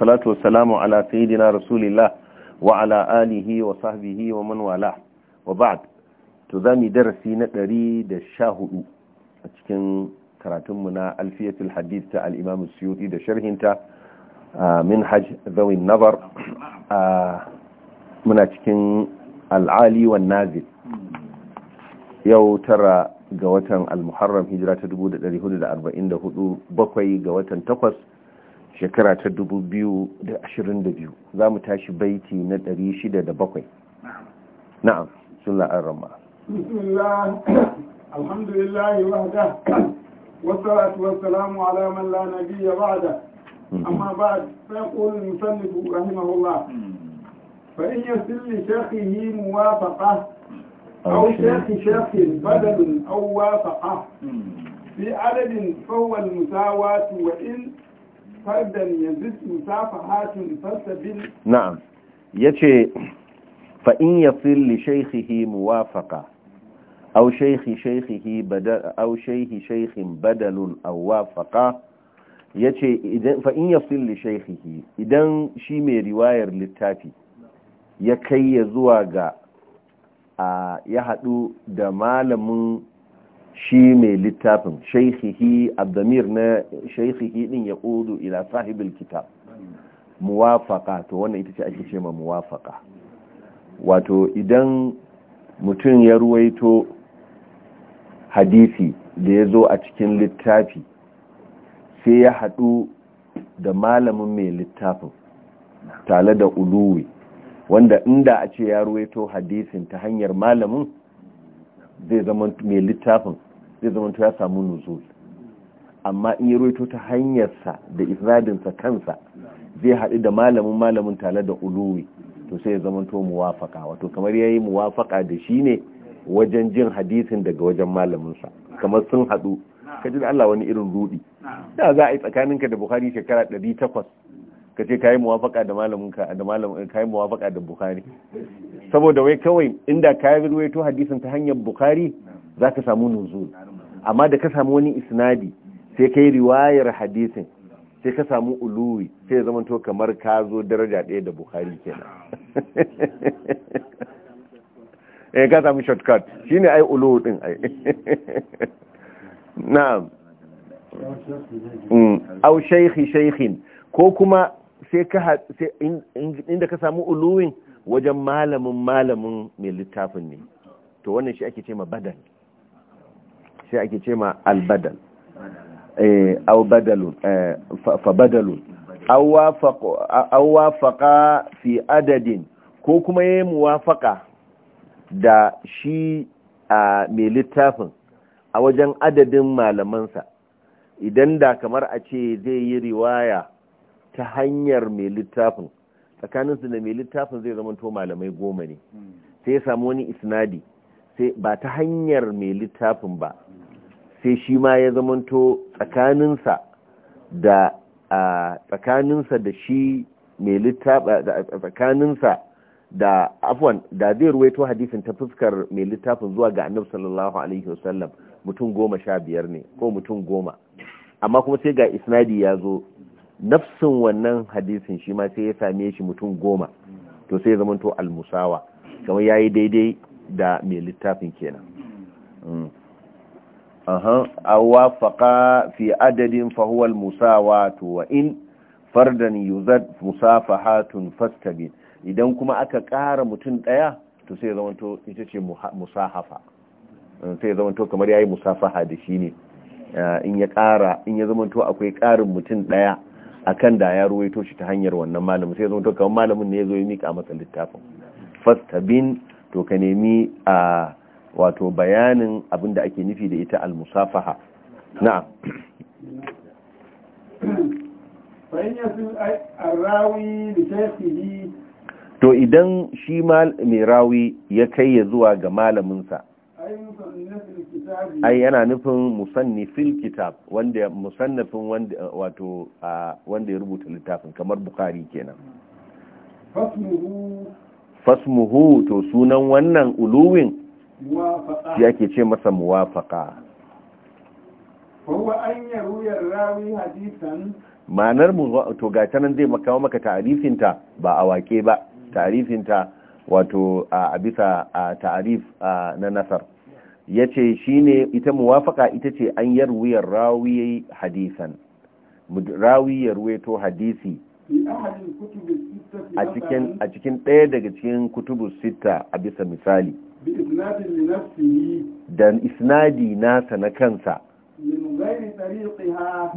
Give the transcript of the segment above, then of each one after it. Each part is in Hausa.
salatu wa salamu ala sayyidina rasulillah wa ala alihi wa sahbihi wa man wala wa ba'd to zamu darasi na 114 a cikin karatun mu na alfiyatul hadith ta al-imam suyuti da sharhinta min hajj zawi nazar muna cikin al-ali wan nazil yau tara ga watan al-muharram hijira ta 1444 bakwai ga watan takwas shekara ta 2022 za mu tashi baiti na 607 na'am sun la'an rama alhamdulillahi wahda wasu wassalamu ala man la ba ba'da mm-hmm. amma ba ba'd fa yaqulu al-musannif rahimahullah mm-hmm. fa in yasil yi mu muwafaqa oh, aw shaykh shaykh badal aw wafaqa mm-hmm. fi adadin fa huwa al-musawatu wa in fardan yanzu musafahatun fasabil na'am yace fa in yasir li shaykhihi muwafaqa aw shaykhi shaykhihi badal aw shaykhi shaykhin badalun aw wafaqa yace idan fa in yasir li shaykhihi idan shi mai riwayar littafi ya kai ya zuwa ga ya haɗu da malamin shi mai littafin shaikhihi abdamir na shaikhihi din ya kudu ila sahibul kitab muwafaka to wannan ita ce ake ce ma muwafaka wato idan mutum ya ruwaito hadisi da ya zo a cikin littafi sai ya haɗu da malamin mai littafin tare da uluwi wanda inda a ce ya ruwaito hadisin ta hanyar malamin zai zama mai littafin zai zama ya samu nuzul amma in ya roito ta hanyarsa da isradinsa kansa zai haɗu da malamin malamin tare da uluwi to sai ya zama to muwafaka wato kamar ya yi muwafaka da shi ne wajen jin hadisin daga wajen malaminsa kamar sun haɗu ka ji da Allah wani irin rudi da za a yi tsakaninka da bukari shekara 800 ka ce kayi muwafaka da malaminka da ka kayi muwafaka da bukari saboda wai kawai inda kayi ruwaito hadisin ta hanyar bukari za ka samu nuzul amma da ka samu wani isnadi sai kai riwayar hadisin sai ka samu uluwi sai ya zama to kamar ka zo daraja ɗaya da buhari kenan eh ka samu shortcut shine ai uluwi ɗin ai na'am mm. au shaikhi shaikhin ko kuma sai ka inda ka samu uluwin wajen malamin malamin mai littafin ne to wannan shi ake ce ma badal sai ake ce ma albadal eh, au eh, fa badalun fi adadin ko kuma yayi muwafaqa da shi a mai littafin a wajen adadin malamansa idan da kamar a ce zai yi riwaya ta hanyar mai littafin tsakaninsu da mai littafin zai zama to malamai goma ne sai ya samu wani isnadi sai ba ta hanyar mai littafin ba sai shi ma ya zamanto tsakaninsa da tsakaninsa da shi mai littafa tsakaninsa da afwan da zai ruwaito hadisin ta fuskar mai littafin zuwa ga annabi sallallahu alaihi wasallam mutum goma sha biyar ne ko mutum goma amma kuma sai ga isnadi ya zo nafsin wannan hadisin shi ma sai ya same shi mutum goma to sai zamanto almusawa kamar yi daidai da mai littafin kenan mm. أو وافقا في عدد فهو المساواة وإن فردا يزد مصافحات فاستبين idan kuma aka kara mutum daya to sai zamanto ita ce musahafa eh, sai zamanto kamar ya yi musafaha da shi ne eh, in ya ƙara in zamanto akwai ƙarin mutum a kan da ya ruwaito shi ta hanyar wannan malamin sai zamanto kamar malamin ne ya zo yi mika masa littafin fastabin to ka nemi a ah, wato bayanin abin da ake nufi da ita al-musafaha na'am to idan shi mai rawi ya kai ya zuwa ga malaminsa ai yana nufin musannifin kitab wanda musannafin wanda wato wanda ya rubuta littafin kamar bukari kenan fasmuhu to sunan wannan uluwin shi ake ce masa muwafaka ma'anar mu to gata nan zai makawa maka ta'arifinta ba a wake ba ta'arifinta wato a bisa ta'arif na nasar ya ce shi ne ita muwafaka ita ce an yarwuyar rawi hadisan rawi ya to hadisi a cikin ɗaya daga cikin kutubu sita a bisa misali dan da isnadi nasa na kansa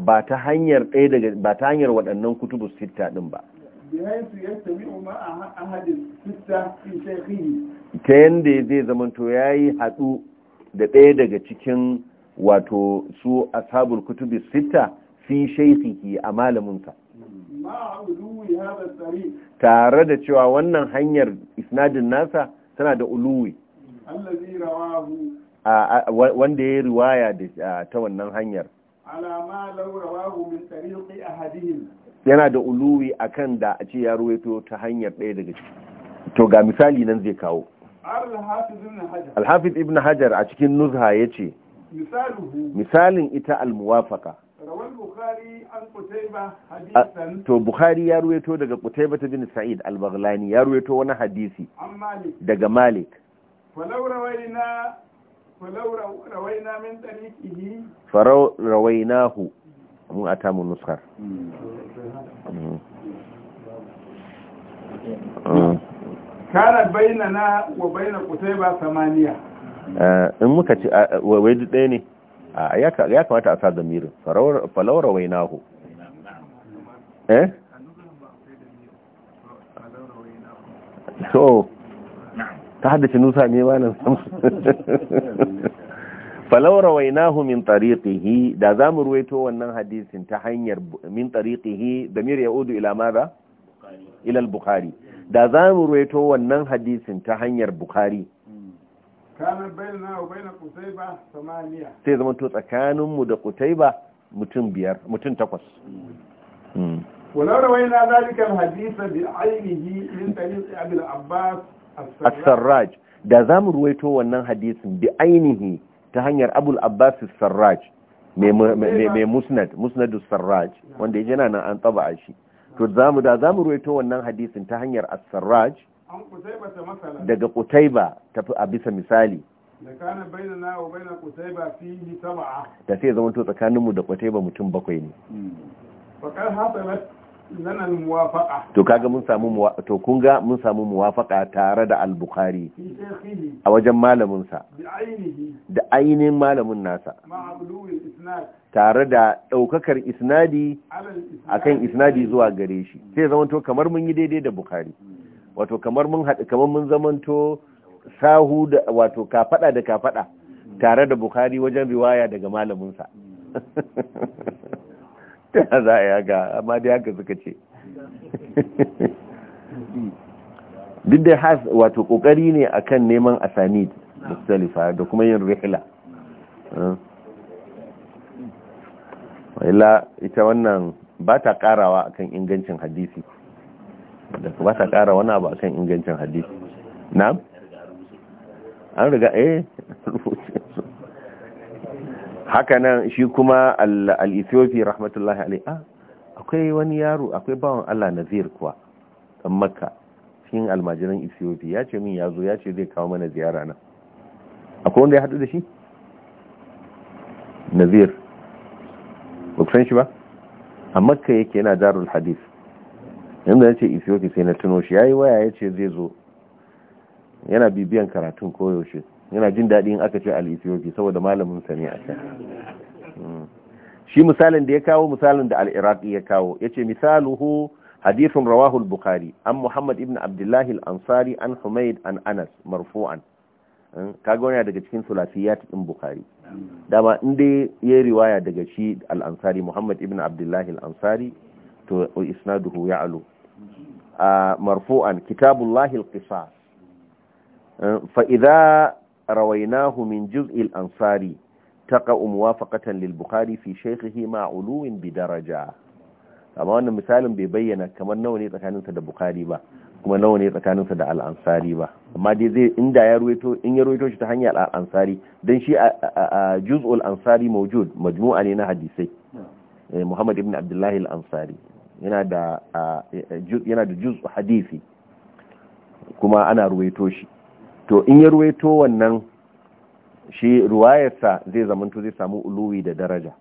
ba ta hanyar ɗaya daga ba ta hanyar waɗannan kutubu sitta ɗin ba ta yadda zai zamanto ya yi haɗu da ɗaya daga cikin wato su ashabul kutubu sitta fi shaikhihi a malaminsa tare da cewa wannan hanyar isnadin nasa tana da uluwi allazi rawahu wanda ya riwaya ta wannan hanyar alama law rawahu min tariqi ahadihim yana da uluwi akan da a ce ya ruwaito ta hanyar ɗaya daga ciki to ga misali nan zai kawo alhafiz ibn hajar a cikin nuzha ya ce misalin ita almuwafaka to bukhari ya ruwaito daga kutaiba ta bin sa'id al-baghlani ya ruwaito wani hadisi daga malik ولو روينا ولو روينا من طريقه فرو رويناه mu a tamu nuskar baina na wa baina ba samaniya in muka ci wai duk ɗaya ne ya kamata a sa da falaura wai nahu eh so ta haddace nusa ne ba nan samsu falau rawainahu min tariqihi da za mu ruwaito wannan hadisin ta hanyar min tariqihi damir yaudu ila madha ila al-bukhari da za mu ruwaito wannan hadisin ta hanyar bukhari hmm. kana bainana wa bain qutayba samaniya sai zaman to tsakanin mu da qutayba mutum biyar mutum takwas hmm. Hmm. walau rawaina zalika al-hadisa bi ainihi min tariqi abi al as-sarraj da zamu ruwaito wannan hadisin bi ainihi ta hanyar abul abbas as-sarraj mai musnad as sarraj wanda ya nan an taba shi to zamu da zamu ruwaito wannan hadisin ta hanyar as-sarraj daga qutayba tafi a bisa misali da sai zama to tsakaninmu da qutayba mutum bakwai ne to kaga mun samu to kun ga mun samu muwafaqa tare da al-bukhari a wajen malamin sa da ainihin malamin nasa tare da daukakar isnadi akan isnadi zuwa gare shi mm. sai zamanto kamar mun yi daidai da bukhari wato kamar mun haɗu kamar mun to sahu da wato kafada da kafada mm. tare da bukhari wajen riwaya daga malamin sa mm. ta za a yaga amma da yaga suka ce duk da has wato kokari ne akan neman asanid mustalifa da kuma yin rihla illa ita wannan ba ta karawa akan ingancin hadisi da ba ta kara wani abu akan ingancin hadisi na an riga eh haka nan shi kuma al-ethiopi rahmatullahi alaihi ah, akwai wani yaro akwai bawan Allah nazir kuwa dan makka cikin almajiran ethiopia ya ce min ya zo ya ce zai kawo mana ziyara na akwai wanda ya haɗu da shi nazir ba san shi ba a makka yake yana darul hadis yadda ya ce ethiopia sai na tuno shi ya yi waya ya ce zai zo yana bibiyan karatun koyaushe yana jin daɗi in aka ce al-Ethiopi saboda malamin sa ne a can hmm. shi misalin da ya kawo misalin da al-Iraqi ya kawo yace misaluhu hadithun rawahu al-Bukhari an Muhammad ibn Abdullah al-Ansari an Humayd an Anas marfu'an hmm. kaga wani daga cikin sulafiyat din Bukhari dama dai ya riwaya daga shi al-Ansari Muhammad ibn Abdullah al-Ansari to isnaduhu ya'lu ah, marfu'an kitabullahi al-qisas hmm. idza rawainahu min juz'il ansari taqa muwafaqatan lil bukhari fi shaykhihi ma uluwin bi daraja amma wannan misalin bai bayyana kamar nawa ne tsakaninsa da bukhari ba kuma nawa ne tsakaninsa da al'ansari ba amma dai zai inda ya ruwaito in ya ruwaito shi ta hanyar al'ansari don shi a juz'ul ansari mawjud majmu'a ne na hadisai muhammad ibn abdullahi al'ansari yana da yana da juz hadisi kuma ana ruwaito shi to in ya ruwaito wannan shi ruwayarsa zai zamanto zai samu uluwi da daraja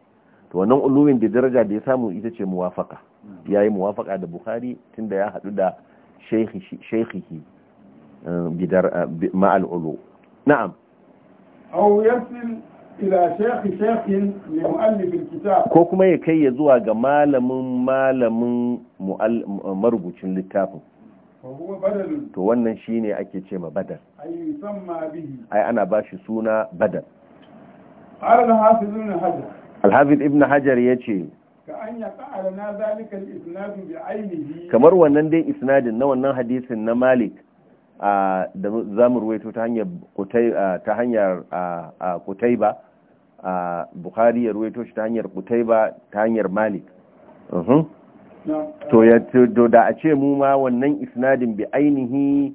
to wannan uluwin da daraja da ya samu ita ce muwafaka ya yi muwafaka da bukhari tunda ya haɗu da shaikhihi eh, eh, ma'al ulu na'am au ila shaikhin mu'allifin ko kuma ya kai ya zuwa ga malamin malamin marubucin littafin to wannan shine ake ce ma badar. ai ana ba shi suna badar. alhafiz ibn hajar ya ce kamar wannan dai isnadin na wannan hadisin na malik da za mu ta hanyar kutaiba bukhari ya ruwaito shi ta hanyar ba ta hanyar malik to ya to da a ce mu ma wannan isnadin bi ainihi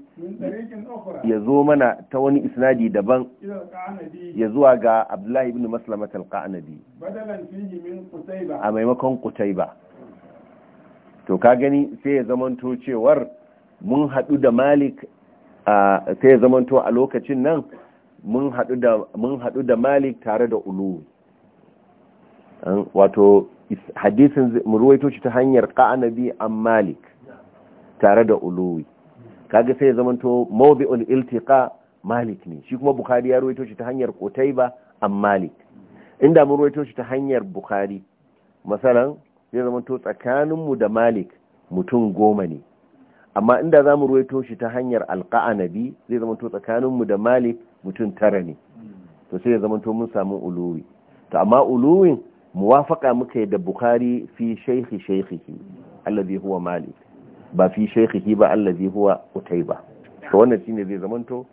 ya zo mana ta wani isnadi daban ya zuwa ga abdullahi ibn maslamat al a maimakon qutayba to ka gani sai ya zamanto cewar mun hadu da malik sai ya zamanto a lokacin nan mun hadu da mun hadu da malik tare da ulu wato hadisin ruwaito shi ta hanyar qanabi an malik tare da uluwi kaga sai ya zamanto mawdi'ul iltiqa malik ne shi kuma bukhari ya ruwaito ta hanyar qutayba an malik inda mu ruwaito ta hanyar bukhari masalan zai zamanto tsakaninmu da malik mutum goma ne amma inda zamu mu ruwaito shi ta hanyar alƙa'anabi zai zamanto tsakaninmu da malik mutum tara ne to sai ya zamanto mun samu uluwi to amma uluwin muwafaka muka da bukhari fi shaykhi shaykhihi alladhi huwa malik ba fi shaykhihi ba alladhi huwa utayba to wannan shine zai zamanto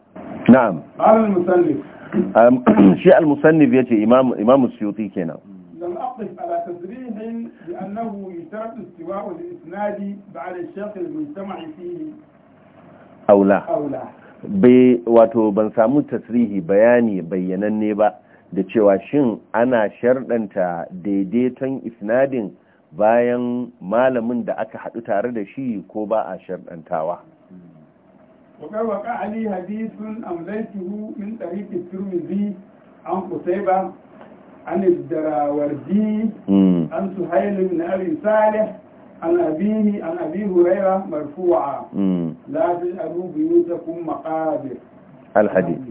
na'am al-musannif shi al-musannif yace imam imam suyuti kenan لم أقف على تصريح بأنه يشترط استواء الإسناد بعد الشيخ المجتمع فيه أو لا أو لا bai wato ban samu tasrihi bayani bayyananne ba da cewa shin ana sharɗanta daidaiton isnadin bayan malamin da aka haɗu tare da shi ko ba a sharɗantawa. Wakarwa ka'ali hadisun amlaituhu min ɗariki turmizi an kusai ba, an izdarawar ji, hmm. an su hailun na abin sale, an abini, an abi huraira marfuwa, hmm. lafi ta kuma maƙabir. Alhadi.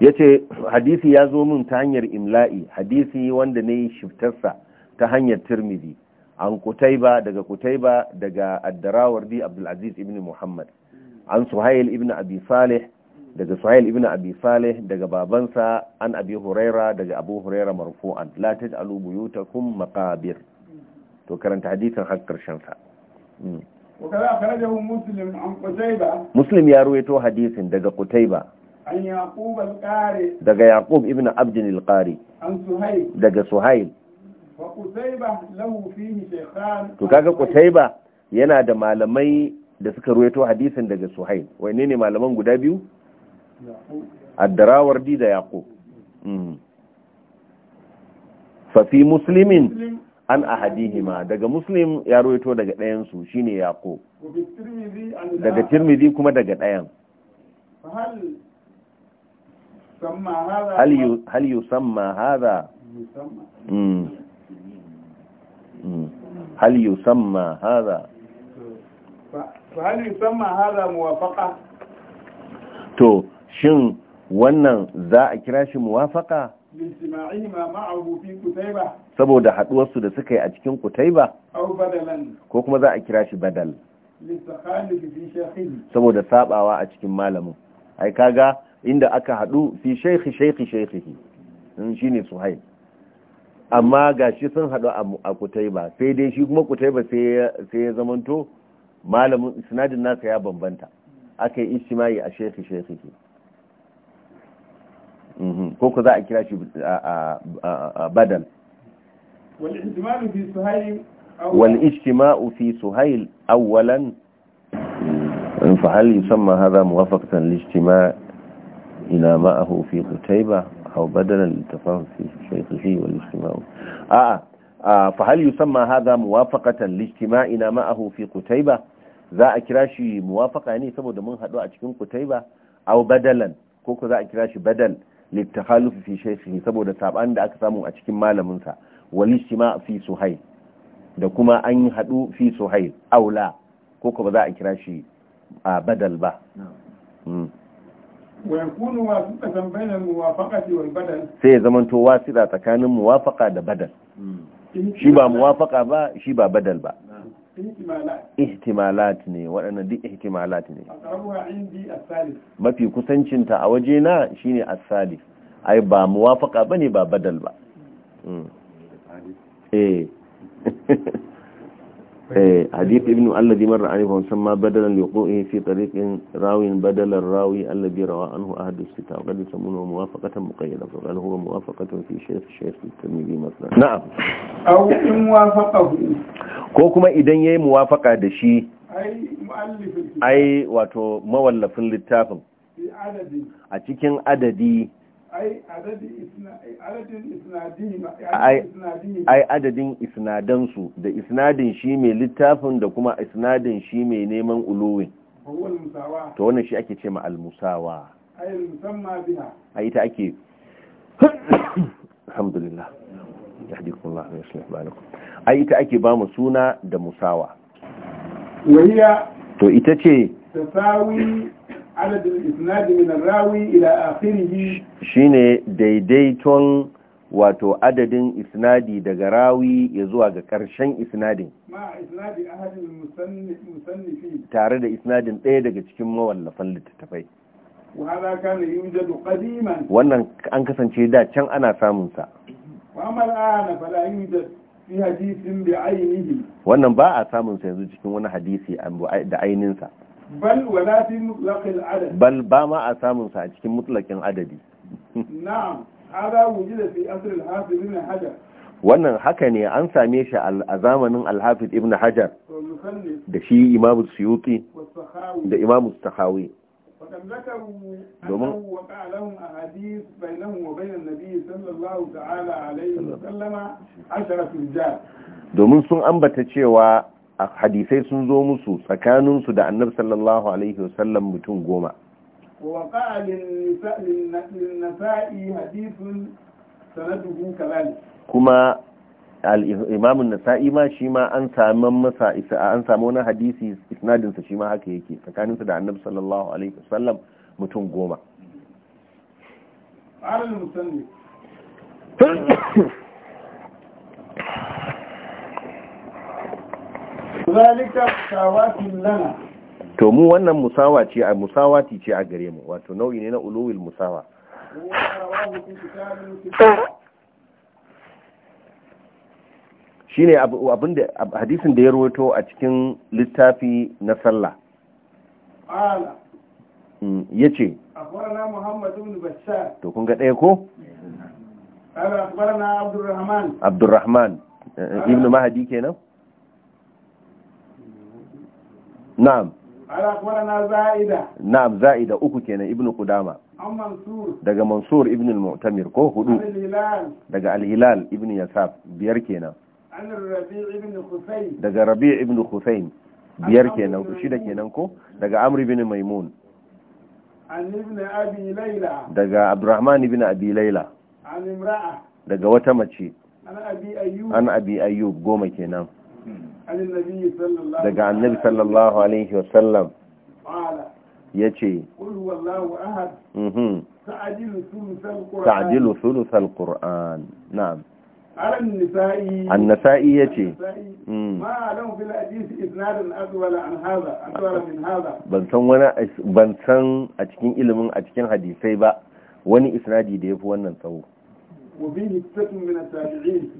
ya ce hadisi ya zo min ta hanyar imla'i hadisi wanda ne shiftarsa ta hanyar tirmidhi an kutaiba daga kutaiba daga addarawar di abdulaziz ibn muhammad an suhail ibn abi salih daga suhail ibn abi salih daga babansa an abi huraira daga abu huraira marfu'an la taj'alu buyutakum maqabir to karanta hadisin har karshen sa hmm. muslim ya ruwaito hadisin daga ba. daga yaqub ibn abdin al daga suhail to kaga yana da malamai da suka ruwaito hadisin daga suhail Wai ne ne malaman guda biyu ad-darawardi da yaqub mm. fa fi muslimin an ahadihima daga muslim ya ruwaito daga ɗayansu su shine yaqub daga tirmidhi kuma daga ɗayan هل يسمى هذا هل يسمى هذا فهل يسمى هذا موافقة تو شن wannan za a kira shi muwafaka saboda haduwarsu da suka yi a cikin kutaiba ko kuma za a kira shi badal saboda sabawa a cikin malamin ai kaga inda aka hadu fi shaykhi shaykhi shaykhihi in shine suhail amma gashi sun hadu a kutaiba sai dai shi kuma kutaiba sai sai ya zamanto malamin sinadin nasa ya bambanta akai ijtimai a shaykhi shaykhihi mhm. ko ku za a kira shi badal wal ijtima'u fi suhail awwalan فهل يسمى هذا موافقة للاجتماع إلى معه في قتيبة أو بدلا للتفاهم في شيخه والاجتماع آه, آه فهل يسمى هذا موافقة لاجتماعنا معه في قتيبة za a kira shi muwafaka ne saboda mun haɗu a cikin kutaiba au badalan ko za a kira shi badal littahalufi fi shaikhihi saboda saban da aka samu a cikin malaminsa walishima fi suhail da kuma an haɗu fi suhail aula ko ba za a kira shi a badal ba hmm. sai ya zamanto da tsakanin muwafaka da badal hmm. shi ba muwafaka ba shi ba badal ba ihtimalat ne waɗannan duk ihtimalat ne mafi kusancinta a waje na shine ne asali, ai ba muwafaka ne ba badal ba hmm. eh حديث ابن الذي مر عليه وسمى بدلا لوقوعه في طريق راوي بدل الراوي الذي روى عنه أهد الستة وقد يسمونه موافقة مقيدة فقال هو موافقة في شيخ الشيخ الترمذي مثلا نعم أو موافقه كوكما إذن يهي موافقة دشي أي مؤلف أي واتو مولف للتافم في عدد أتكين عددي ai adadin isnadansu da isnadin shi mai littafin da kuma isnadin shi mai neman uluwin to wannan shi ake ce ma almusawa a ita ake alhamdulillah ai ta ake ba mu suna da musawa to ita ce tasawi adadin shine daidaiton wato adadin isnadi daga rawi ya zuwa ga ƙarshen isnadin tare da isnadin ɗaya daga cikin mawallafan littattafai wannan an kasance da can ana samunsa wannan ba a samunsa yanzu cikin wani hadisi da ainihinsa bal wala ba ma a samun sa a cikin mutlakin adadi na'am wannan haka ne an same shi a zamanin al ibn hajar da shi imamu suyuti da imamu tahawi domin sun ambata cewa hadisai sun zo musu tsakaninsu da annab sallallahu alaihi wasallam mutum goma kuma imamun nasa'i ma shi ma an saman masa an samu wani hadisi isnadinsa shi ma haka yake tsakaninsu da annab sallallahu alaihi wasallam mutum goma to mu wannan musawa ce a musawati ce a gare mu wato nau'i ne na uluwil musawa shine abin da hadisin da ya roto a cikin littafi na sallah mm, ya ce to kun ga ɗaya ko? abdurrahman eh, eh, ibn mahadi kenan na'am na'am za'ida uku kenan ibnu kudama daga mansur ibn mutamir ko hudu daga al-hilal ibn yasaf biyar kenan daga rabi' ibn husayn biyar kenan daga amr maimun daga abdurrahman ibn abi daga wata mace an abi ayyub goma kenan daga annabi sallallahu alaihi wasallam ya ce ta'ajilu sulusal ƙur'an na'am annasa'i ya ce ban san a cikin ilimin a cikin hadisai ba wani isnadi da ya fi wannan tsawo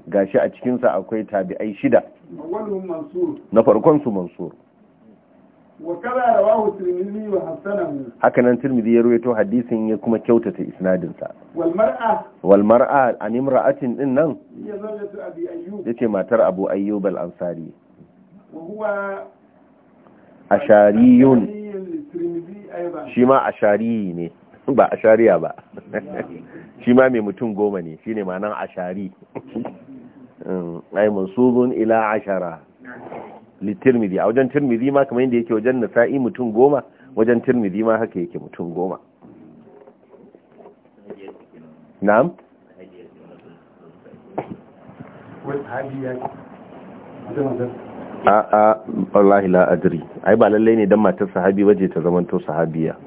gashi a cikinsa akwai tabi'ai shida na farkon su mansur haka nan tirmidhi ya ruwaito hadisin ya kuma kyautata isnadinsa walmar'a an imra'atin din nan ya matar abu ayyub al-ansari ashariyun shi ma ashariyi ne ba ashariya ba shi ma mai mutum goma ne shine ma'anan ashari ai mansubun ila ashara li a wajen tirmidi ma kamar yadda yake wajen nasa'i mutum goma wajen tirmidi ma haka yake mutum goma na'am a'a wallahi la adri ai ba lalle ne dan matar sahabi waje ta zamanto sahabiya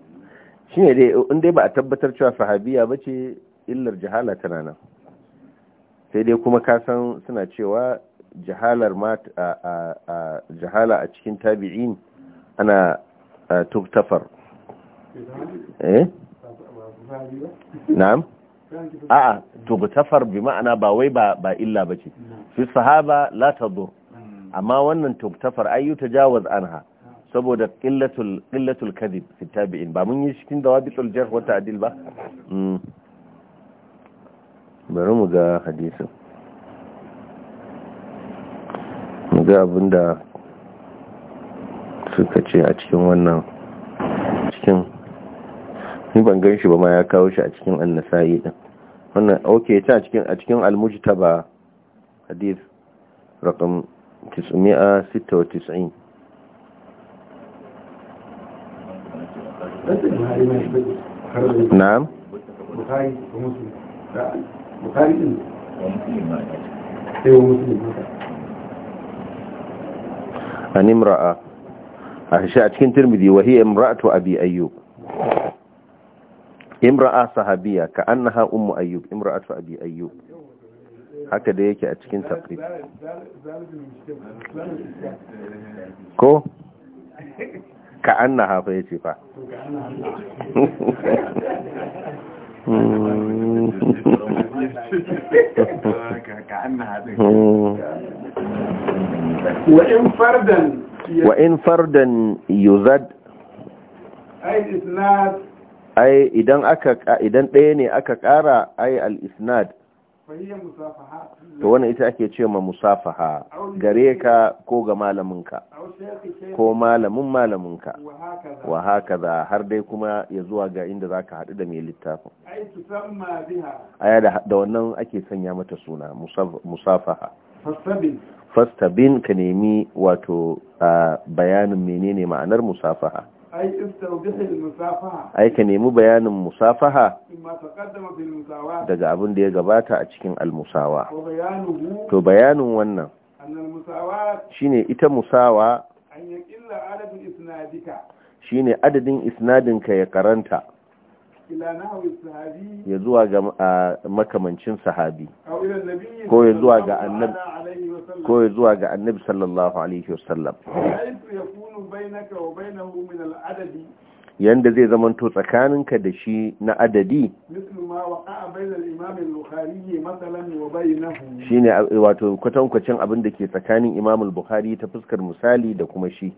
shine dai in dai ba a tabbatar cewa sahabiya ce illar jahala tana nan sai dai kuma kasan suna cewa jahalar ma a jahala a cikin tabi'in ana tuktafar eh na'am a'a tuktafar bi ma'ana ba wai ba illa ba ce. fi sahaba la zo. amma wannan tuktafar ayyuta jawaz anha saboda ƙillatul qillatul kadhib fi tabi'in ba mun yi cikin wabi jarh wata adil ba hmm. bari mu ga hadisun mu ga abinda suka ce a cikin wannan cikin ni ban gan shi ba ma ya kawo shi a cikin annasa'i din wannan OK ta cikin a cikin almujita ba hadith rakam 996 na'am bukari din sai wa musulun an imra'a a shi a cikin turmidi wahiyar imra'atu abi ayyub imra'a sahabiya ka annaha ummu ayyub imra'atu abi haka da yake a cikin taqrib ko ka an na hafa ya ce fa wa'in fardan yuzad ai idan aka idan ɗaya ne aka ƙara ai al-isnad to wannan ita ake ce ma musafaha gare ka ko ga malaminka ko malamin malaminka wa haka za har dai kuma ya zuwa ga inda za ka haɗu da mai littafin aya da wannan ake sanya mata suna musafaha fastabin ka nemi wato bayanin menene ma'anar musafaha ai ka nemi bayanin musafaha daga abin da ya gabata a cikin almusawa to bayanin wannan ne ita musawa ne adadin isnadinka ya karanta ya zuwa ga makamancin sahabi ko ya zuwa ga annabi ko ya zuwa ga annabi sallallahu alaihi wasallam yanda zai zamanto tsakaninka da shi na adadi shi ne wato kwatankwacin abin da ke tsakanin Imam al bukhari ta fuskar misali da kuma shi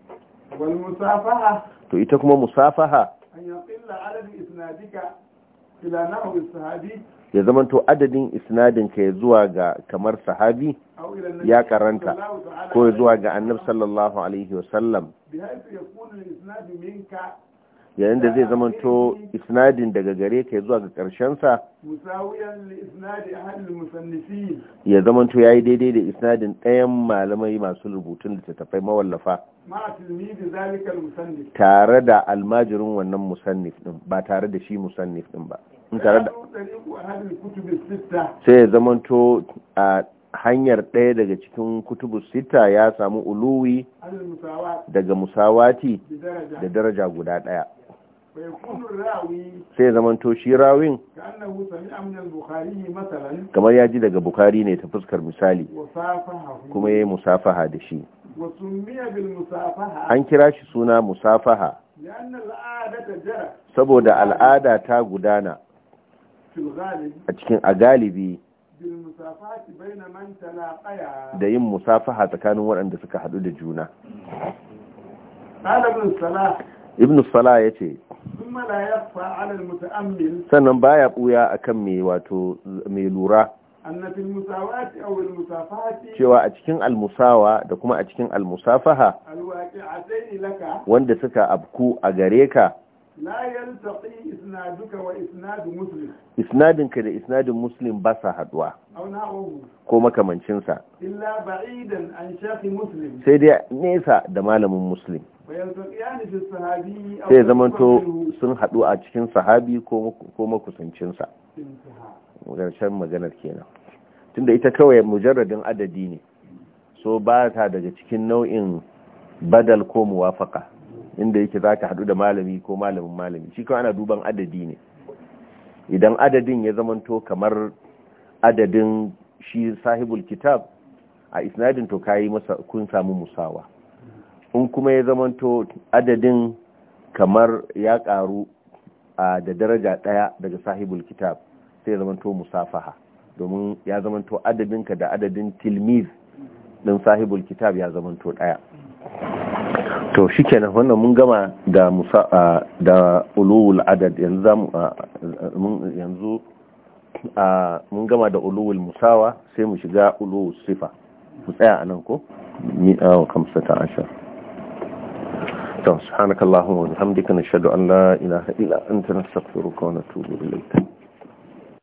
to ita kuma musafaha an yaqilla adad isnadika ila nahwi sahabi ya zamanto adadin isnadin ka zuwa ga kamar sahabi ya karanta ko zuwa ga annab sallallahu alaihi wasallam bi yakunu al-isnad minka yayin da zai zamanto isnadin daga gare ka zuwa ga sa ya zamanto ya yi daidai da isnadin ɗayan malamai masu rubutun littattafai mawallafa tare da almajirin wannan musannif ɗin ba tare da shi musannif ɗin ba sai ya zamanto a hanyar ɗaya daga cikin kutubu sita ya samu uluwi daga musawati da daraja guda ɗaya sai zamanto shi rawin kamar ya ji daga bukari ne ta fuskar misali kuma ya yi musafaha da shi an kira shi suna musafaha saboda al'ada ta gudana a cikin a galibi da yin musafaha tsakanin waɗanda suka haɗu da juna ibn salah ya ce sannan baya buya kan mai wato mai lura cewa a cikin almusawa da kuma a cikin almusafaha wanda suka abku a gare ka isnadinka da isnadin muslim ba sa haduwa ko makamancinsa sai dai nesa da malamin muslim sai zamanto sun haɗu a cikin sahabi ko makusancinsa ƙarshen maganar kenan tunda ita kawai mujarradin adadi ne so ba ta daga cikin nau'in badal ko muwafaka inda yake za ka haɗu da malami ko malamin malami shi kawai ana duban adadi ne idan adadin ya zamanto kamar adadin shi sahibul kitab a isnadin to kayi masa kun samu musawa in kuma ya zamanto adadin kamar ya karu a da daraja daya daga sahibul kitab sai ya zamanto musafaha domin ya zamanto adadinka da adadin tilmiz din sahibul kitab ya zamanto daya to kenan wannan mun gama da musa da adad yanzu mun gama da ulul musawa sai mu shiga ulul sifa mu tsaya anan ko to subhanakallahumma wa bihamdika nashhadu an la ilaha illa anta nastaghfiruka tulu natubu ilayk